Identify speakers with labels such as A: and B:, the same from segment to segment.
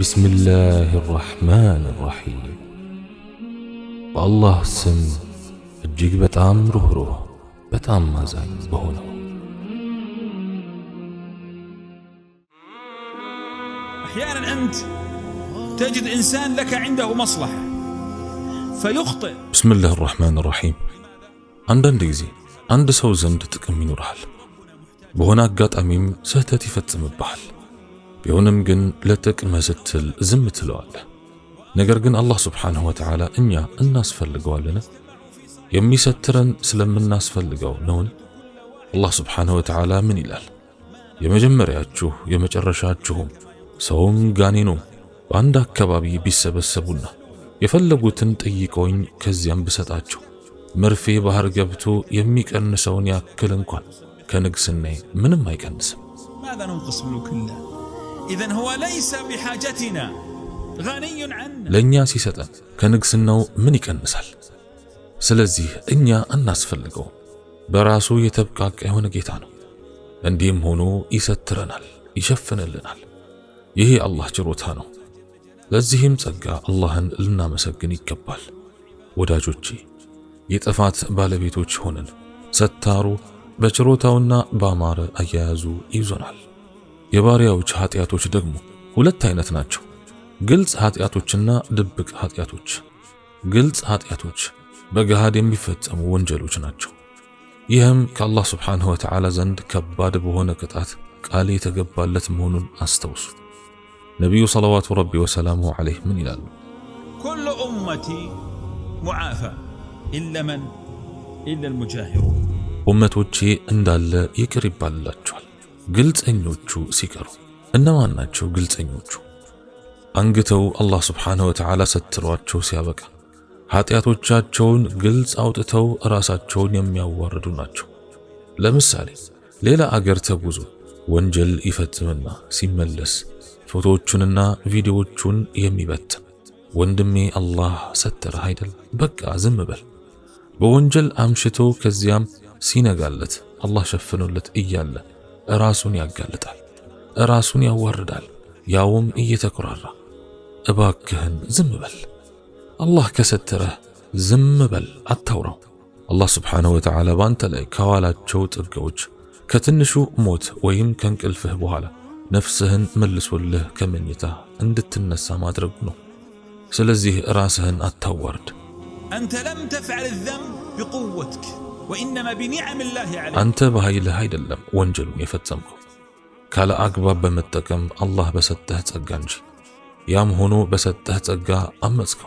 A: بسم الله الرحمن الرحيم الله سم اجيك بتام روح روح بتام مازال بهونه احيانا انت تجد انسان لك عنده مصلحه فيخطئ
B: بسم الله الرحمن الرحيم عند انديزي عند سوزن تتكمين رحل بهناك قاط اميم سهتاتي فتم البحل ቢሆንም ግን ለጥቅም ስትል ዝም ትለዋለህ። ነገር ግን አላህ ስብሓንሁ ወተዓላ እኛ እናስፈልገዋለን የሚሰትረን ስለምናስፈልገው ነውን? አላህ ስብሓንሁ ወተዓላ ምን ይላል? የመጀመሪያችሁ የመጨረሻችሁም ሰውም ጋኔኑም በአንድ አካባቢ ቢሰበሰቡና የፈለጉትን ጠይቀውኝ ከዚያም ብሰጣቸው መርፌ ባህር ገብቶ የሚቀንሰውን ያክል እንኳን ከንግስናዬ ምንም አይቀንስም። ለእኛ ሲሰጠን ከንግስናው ምን ይቀንሳል? ስለዚህ እኛ አናስፈልገው። በራሱ የተብቃቃ የሆነ ጌታ ነው። እንዲህም ሆኖ ይሰትረናል፣ ይሸፍንልናል። ይሄ የአላህ ችሮታ ነው። ለዚህም ጸጋ አላህን ልናመሰግን ይገባል። ወዳጆቼ የጥፋት ባለቤቶች ሆነን ሰታሩ በችሮታውና ባማረ አያያዙ ይዞናል። የባሪያዎች ኃጢአቶች ደግሞ ሁለት አይነት ናቸው፣ ግልጽ ኃጢአቶችና ድብቅ ኃጢአቶች። ግልጽ ኃጢአቶች በገሃድ የሚፈጸሙ ወንጀሎች ናቸው። ይህም ከአላህ ስብሓንሁ ወተዓላ ዘንድ ከባድ በሆነ ቅጣት ቃል የተገባለት መሆኑን አስታውሱ። ነቢዩ ሰለዋቱ ረቢ ወሰላሙሁ ዓለይህ ምን ይላሉ?
A: ኩሉ ኡመቲ ሙዓፋ ኢለ መን
B: ኡመቶቼ እንዳለ ይቅር ይባልላቸዋል ግልጸኞቹ ሲቀሩ እነማን ናቸው ግልጸኞቹ? አንግተው አላህ ስብሓንሁ ወተዓላ ሰትሯቸው ሲያበቃ ኃጢአቶቻቸውን ግልጽ አውጥተው ራሳቸውን የሚያዋርዱ ናቸው። ለምሳሌ ሌላ አገር ተጉዞ ወንጀል ይፈጽምና ሲመለስ ፎቶዎቹንና ቪዲዮዎቹን የሚበትን ወንድሜ አላህ ሰተረህ አይደል? በቃ ዝም በል። በወንጀል አምሽቶ ከዚያም ሲነጋለት አላህ ሸፍኖለት እያለ ራሱን ያጋልጣል፣ ራሱን ያዋርዳል፣ ያውም እየተኩራራ። እባክህን ዝም በል። አላህ ከሰተረህ ዝም በል፣ አታውራው። አላህ ስብሓንሁ ወተዓላ ባንተ ላይ ከዋላቸው ጥጋዎች ከትንሹ ሞት ወይም ከእንቅልፍህ በኋላ ነፍስህን መልሶልህ ከመኝታ እንድትነሳ ማድረጉ ነው። ስለዚህ ራስህን አታዋርድ።
A: አንተ ለም ተፍዐል ዘንብ ቢቁወትክ وإنما بنعم الله عليك
B: أنت بهاي لهاي دلم وانجل ويفتمك كالا أقباب بمتكم الله بسته تقنج يام هنو بسته تقا أمتك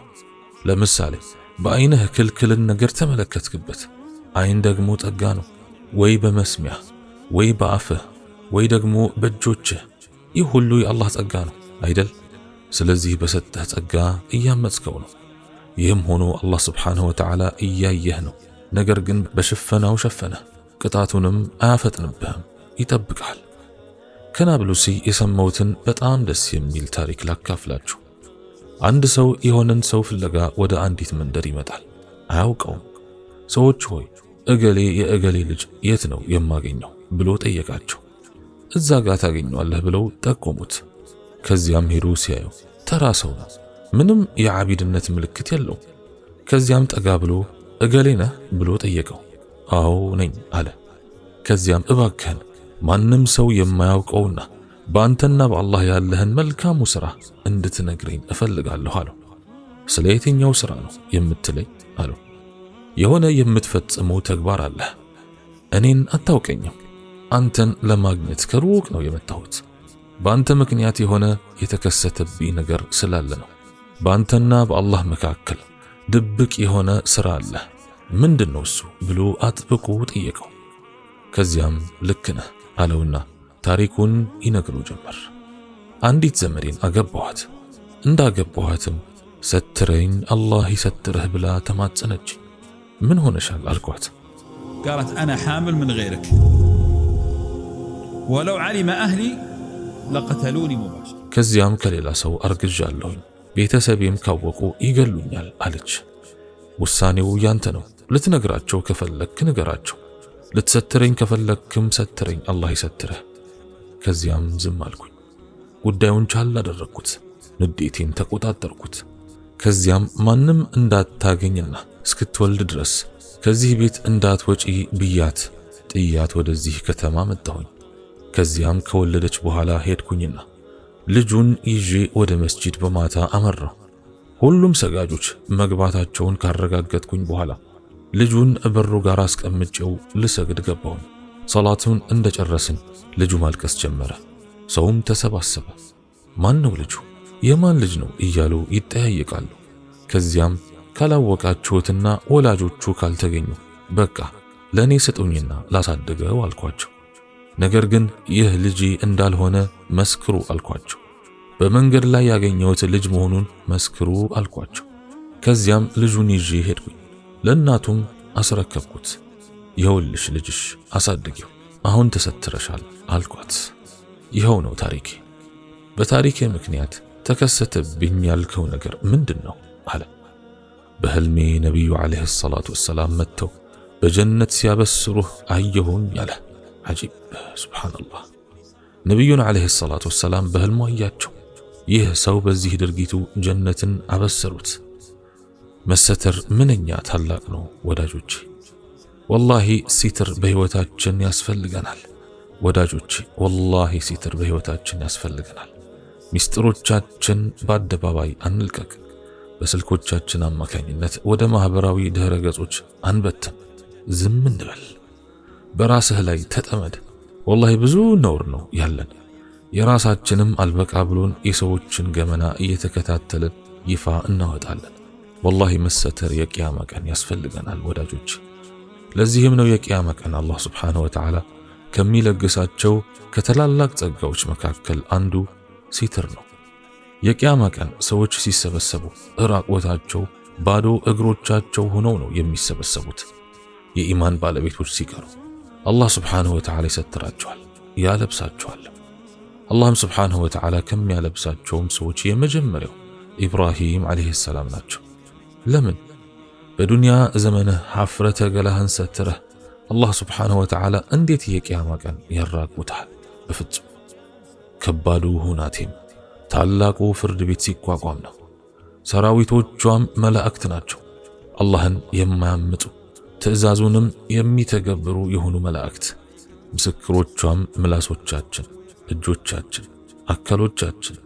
B: لمسالي بأينه كل كل النجر تملك تكبت أين دقمو تقانو وي بمسمية وي بأفه وي دقمو بجوتش يهلو يا الله تقانو أيدل سلزي بسته تقا أيام متكونو يهم هنو الله سبحانه وتعالى إياه يهنو ነገር ግን በሽፈናው ሸፈነ፣ ቅጣቱንም አያፈጥንብህም፣ ይጠብቃል። ከናብሉሲ የሰማሁትን በጣም ደስ የሚል ታሪክ ላካፍላችሁ። አንድ ሰው የሆነን ሰው ፍለጋ ወደ አንዲት መንደር ይመጣል። አያውቀውም። ሰዎች ሆይ እገሌ የእገሌ ልጅ የት ነው የማገኘው ብሎ ጠየቃቸው። እዛ ጋር ታገኘዋለህ ብለው ጠቆሙት። ከዚያም ሄዱ። ሲያየው ተራ ሰው ነው። ምንም የዓቢድነት ምልክት የለው። ከዚያም ጠጋ ብሎ እገሌ ነህ ብሎ ጠየቀው። አዎ ነኝ አለ። ከዚያም እባከን ማንም ሰው የማያውቀውና በአንተና በአላህ ያለህን መልካሙ ሥራ እንድትነግረኝ እፈልጋለሁ አለው። ስለ የትኛው ሥራ ነው የምትለኝ አለው። የሆነ የምትፈጽመው ተግባር አለህ። እኔን አታውቀኝም። አንተን ለማግኘት ከሩቅ ነው የመጣሁት። በአንተ ምክንያት የሆነ የተከሰተብኝ ነገር ስላለ ነው። በአንተና በአላህ መካከል ድብቅ የሆነ ስራ አለ። ምንድን ነው እሱ ብሎ አጥብቆ ጠየቀው። ከዚያም ልክ ነህ አለውና ታሪኩን ይነግረው ጀመር። አንዲት ዘመዴን አገባኋት። እንዳገባኋትም ሰትረኝ አላህ ይሰትርህ ብላ ተማጸነች። ምን ሆነሻል አልኳት።
A: ቃላት አና ሓምል ምን ገይርክ ወለው ዓሊመ አህሊ ለቀተሉኒ ሙባሽ።
B: ከዚያም ከሌላ ሰው አርግዣ አለሁኝ ቤተሰቤም ካወቁ ይገሉኛል አለች። ውሳኔው ያንተ ነው። ልትነግራቸው ከፈለክ ንገራቸው። ልትሰትረኝ ከፈለክም ሰትረኝ፣ አላህ ይሰትረህ። ከዚያም ዝም አልኩኝ። ጉዳዩን ቻል አደረግኩት። ንዴቴን ተቆጣጠርኩት። ከዚያም ማንም እንዳታገኝና እስክትወልድ ድረስ ከዚህ ቤት እንዳትወጪ ብያት ጥያት ወደዚህ ከተማ መጣሁኝ። ከዚያም ከወለደች በኋላ ሄድኩኝና ልጁን ይዤ ወደ መስጂድ በማታ አመራ። ሁሉም ሰጋጆች መግባታቸውን ካረጋገጥኩኝ በኋላ ልጁን በሩ ጋር አስቀምጬው ልሰግድ ገባሁኝ። ሰላቱን እንደጨረስን ልጁ ማልቀስ ጀመረ። ሰውም ተሰባሰበ። ማን ነው ልጁ? የማን ልጅ ነው እያሉ ይጠያየቃሉ። ከዚያም ካላወቃችሁትና ወላጆቹ ካልተገኙ በቃ ለእኔ ስጡኝና ላሳድገው አልኳቸው። ነገር ግን ይህ ልጅ እንዳልሆነ መስክሩ አልኳቸው። በመንገድ ላይ ያገኘሁት ልጅ መሆኑን መስክሩ አልኳቸው። ከዚያም ልጁን ይዤ ሄድኩኝ። ለእናቱም አስረከብኩት። ይኸውልሽ ልጅሽ አሳድጊው፣ አሁን ተሰትረሻል አልኳት። ይኸው ነው ታሪኬ። በታሪኬ ምክንያት ተከሰተብኝ ያልከው ነገር ምንድን ነው አለ። በህልሜ ነቢዩ ዓለይሂ ሰላቱ ወሰላም መጥተው በጀነት ሲያበስሩህ አየሁኝ ያለ? አጂብ ሱብሓነላህ። ነቢዩን ዓለይሂ ሰላቱ ወሰላም በህልሙ አያቸው። ይህ ሰው በዚህ ድርጊቱ ጀነትን አበሰሩት። መሰተር ምንኛ ታላቅ ነው ወዳጆች። ወላሂ ሲትር በህይወታችን ያስፈልገናል ወዳጆች። ወላሂ ሲትር በህይወታችን ያስፈልገናል። ሚስጥሮቻችን በአደባባይ አንልቀቅ። በስልኮቻችን አማካኝነት ወደ ማህበራዊ ድህረ ገጾች አንበትም። ዝም እንበል። በራስህ ላይ ተጠመድ። ወላሂ ብዙ ነውር ነው ያለን። የራሳችንም አልበቃ ብሎን የሰዎችን ገመና እየተከታተልን ይፋ እናወጣለን። ወላሂ መሰተር የቅያመ ቀን ያስፈልገናል ወዳጆች። ለዚህም ነው የቅያማ ቀን አላህ ስብሓነሁ ወተዓላ ከሚለግሳቸው ከትላላቅ ጸጋዎች መካከል አንዱ ሲትር ነው። የቅያመ ቀን ሰዎች ሲሰበሰቡ እራቆታቸው ባዶ እግሮቻቸው ሆነው ነው የሚሰበሰቡት የኢማን ባለቤቶች ሲቀሩ አላህ ስብሓንሁ ወተዓላ ይሰትራቸዋል ያለብሳቸዋል። አላህም ስብሓንሁ ወተዓላ ከሚያለብሳቸውም ሰዎች የመጀመሪያው ኢብራሂም ዓለይሂ ሰላም ናቸው። ለምን? በዱንያ ዘመንህ ሐፍረተ ገላህን ሰትረህ አላህ ስብሓንሁ ወተዓላ እንዴት የቅያማ ቀን ያራቁታል? በፍጹም። ከባዱ ሁናቴም ታላቁ ፍርድ ቤት ሲቋቋም ነው። ሰራዊቶቿም መላእክት ናቸው፣ አላህን የማያምጡ ትእዛዙንም የሚተገብሩ የሆኑ መላእክት ምስክሮቿም ምላሶቻችን፣ እጆቻችን፣ አካሎቻችን፣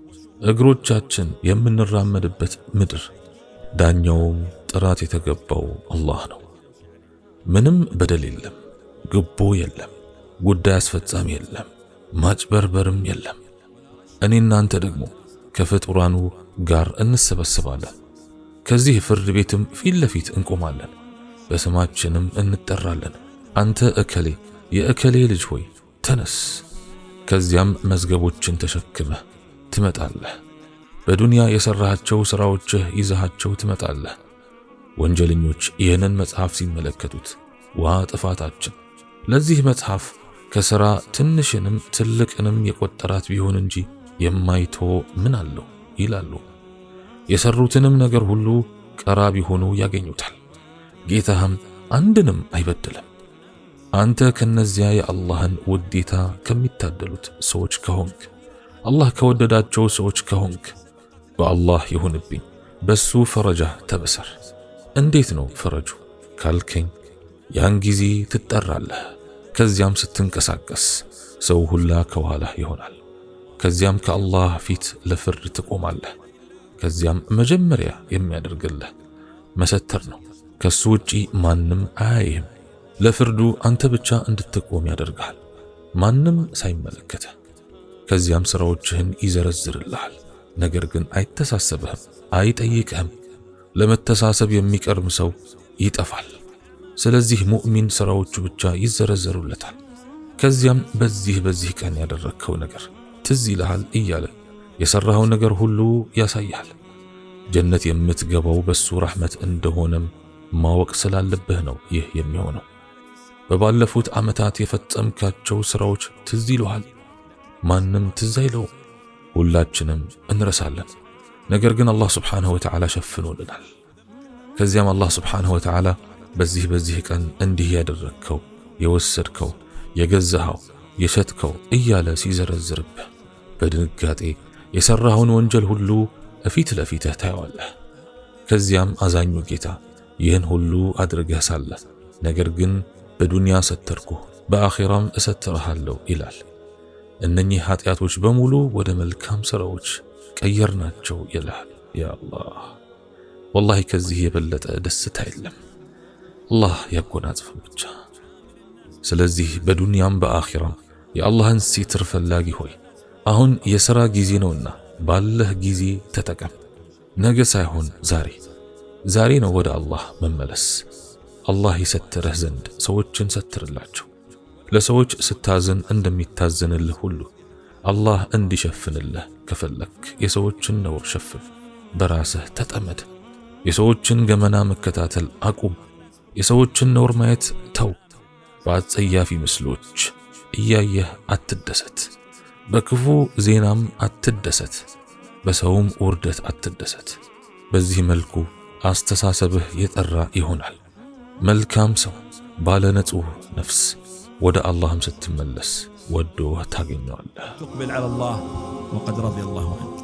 B: እግሮቻችን የምንራመድበት ምድር ዳኛውም ጥራት የተገባው አላህ ነው። ምንም በደል የለም፣ ግቦ የለም፣ ጉዳይ አስፈጻሚ የለም፣ ማጭበርበርም የለም። እኔ እናንተ ደግሞ ከፍጡራኑ ጋር እንሰበስባለን፣ ከዚህ ፍርድ ቤትም ፊት ለፊት እንቆማለን። በስማችንም እንጠራለን። አንተ እከሌ የእከሌ ልጅ ሆይ ተነስ። ከዚያም መዝገቦችን ተሸክመህ ትመጣለህ። በዱንያ የሠራሃቸው ሥራዎችህ ይዘሃቸው ትመጣለህ። ወንጀለኞች ይህንን መጽሐፍ ሲመለከቱት ዋ ጥፋታችን! ለዚህ መጽሐፍ ከሥራ ትንሽንም ትልቅንም የቆጠራት ቢሆን እንጂ የማይቶ ምን አለው ይላሉ። የሠሩትንም ነገር ሁሉ ቀራ ቢሆኑ ያገኙታል። ጌታህም አንድንም አይበድልም። አንተ ከነዚያ የአላህን ውዴታ ከሚታደሉት ሰዎች ከሆንክ፣ አላህ ከወደዳቸው ሰዎች ከሆንክ፣ በአላህ ይሁንብኝ በሱ ፈረጃ ተበሰር። እንዴት ነው ፈረጁ ካልከኝ፣ ያን ጊዜ ትጠራለህ። ከዚያም ስትንቀሳቀስ ሰው ሁላ ከኋላህ ይሆናል። ከዚያም ከአላህ ፊት ለፍርድ ትቆማለህ። ከዚያም መጀመሪያ የሚያደርግልህ መሰተር ነው። ከሱ ውጪ ማንም አያይህም። ለፍርዱ አንተ ብቻ እንድትቆም ያደርግሃል፣ ማንም ሳይመለከተ። ከዚያም ስራዎችህን ይዘረዝርልሃል፣ ነገር ግን አይተሳሰብህም፣ አይጠይቅህም። ለመተሳሰብ የሚቀርም ሰው ይጠፋል። ስለዚህ ሙእሚን ስራዎቹ ብቻ ይዘረዘሩለታል። ከዚያም በዚህ በዚህ ቀን ያደረግከው ነገር ትዝ ይልሃል እያለ የሰራኸው ነገር ሁሉ ያሳያል ጀነት የምትገባው በሱ ራህመት እንደሆነም ማወቅ ስላለብህ ነው ይህ የሚሆነው። በባለፉት ዓመታት የፈጸምካቸው ሥራዎች ትዝ ይሉሃል። ማንም ትዝ አይለው፣ ሁላችንም እንረሳለን። ነገር ግን አላህ ስብሓንሁ ወተዓላ ሸፍኖልናል። ከዚያም አላህ ስብሓንሁ ወተዓላ በዚህ በዚህ ቀን እንዲህ ያደረግከው፣ የወሰድከው፣ የገዛኸው፣ የሸጥከው እያለ ሲዘረዝርብህ በድንጋጤ የሠራኸውን ወንጀል ሁሉ እፊት ለፊትህ ታየዋለህ። ከዚያም አዛኙ ጌታ ይህን ሁሉ አድርገህ ሳለ ነገር ግን በዱንያ ሰተርኩህ በአኼራም እሰትርሃለሁ ይላል። እነኚህ ኃጢአቶች በሙሉ ወደ መልካም ሥራዎች ቀየር ናቸው ይላል። ያ አላህ ወላሂ ከዚህ የበለጠ ደስታ የለም። አላህ ያጎናጽፍ ብቻ። ስለዚህ በዱንያም በአኼራም የአላህን ሲትር ፈላጊ ሆይ አሁን የሥራ ጊዜ ነውና ባለህ ጊዜ ተጠቀም፣ ነገ ሳይሆን ዛሬ ዛሬ ነው ወደ አላህ መመለስ። አላህ ይሰትርህ ዘንድ ሰዎችን ሰትርላቸው። ለሰዎች ስታዝን እንደሚታዘንልህ ሁሉ አላህ እንዲሸፍንልህ ከፈለክ የሰዎችን ነውር ሸፍን። በራስህ ተጠመድ። የሰዎችን ገመና መከታተል አቁም። የሰዎችን ነውር ማየት ተው። በአጸያፊ ምስሎች እያየህ አትደሰት። በክፉ ዜናም አትደሰት። በሰውም ውርደት አትደሰት። በዚህ መልኩ አስተሳሰብህ የጠራ ይሆናል። መልካም ሰው ባለ ንጹህ ነፍስ ወደ አላህም ስትመለስ ወዶ
A: ታገኘዋለህ።